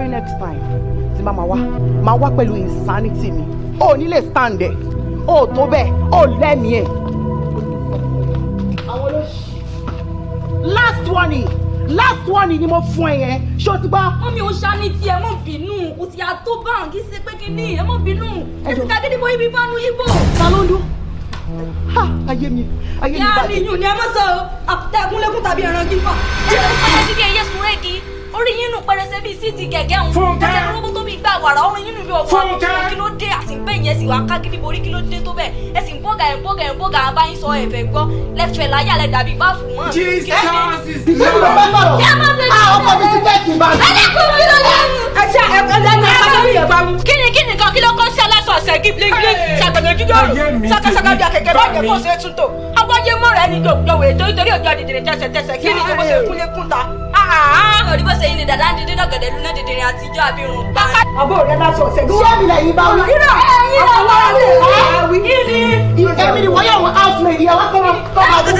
very next time tí máa wá máa wá pẹ̀lú insanity mi o ò ní lè stand ẹ̀ o ò tó bẹ́ẹ̀ o ò lẹ́mìí ẹ̀. last warning last warning ni mo fún ẹ yẹn ṣó ti gbọ́. mú mi ò ṣáni tiẹ̀ mú bínú o ti àtó báwọn kì í ṣe pé kí ni ẹ mú bínú ẹ ti kàgídí bó ibi bá nu ibo. ta ló ń dún ha ayé mi ayé mi bàjẹ́. yáa ni yùn ni ẹ mọ̀ sọ àtẹ̀kùnlékùn tàbí ẹran kíkọ ṣe bíi gẹ̀gẹ́ òun fúnkẹ́ ẹsẹ̀ olóbó tó bí gba wàrà ọrùn yín nìyí ọ̀fọ́ àbúrò kí ló dé àti bẹ́ẹ̀ yẹn sì wá ká gidi borí kí ló dé tó bẹ́ẹ̀ ẹ sì ẹ̀ bọ́gà ẹ̀ bọ́gà àbá yín sọ ẹ̀fẹ̀ gbọ́ lẹ́fẹ̀ láyà lẹ dàbí báfù mọ́. Jesus is the Lord. Ah, kí n bá mi. ẹni kúrò yín lọ́lẹ́nu. ẹ ṣe ẹ̀kọ́ lẹ́nu ẹ̀ kí ni kí ni kan kí ló kọ́ sí aláṣọ ọ̀sẹ̀ kí bílégbílé ṣàgbọ̀nà jíjọ́ rù ṣàkàṣàkà bí akẹ̀kẹ́ bá jẹ́ kó ṣe é túntò náà rí bó ṣe yín ni dàda ń dídín náà gẹ̀dẹ̀ lúná dídìrín àtijọ́ àbí irun pa. àbọ̀ rẹ̀ lásán ọ̀sẹ̀ gbọ́. ṣé ìlẹ̀ yìí bá wí. irọ́ ẹ̀yin lọ́wọ́ rẹ̀ wá wí. kí ni. èmi ni wọ́n yà wọ́n house lady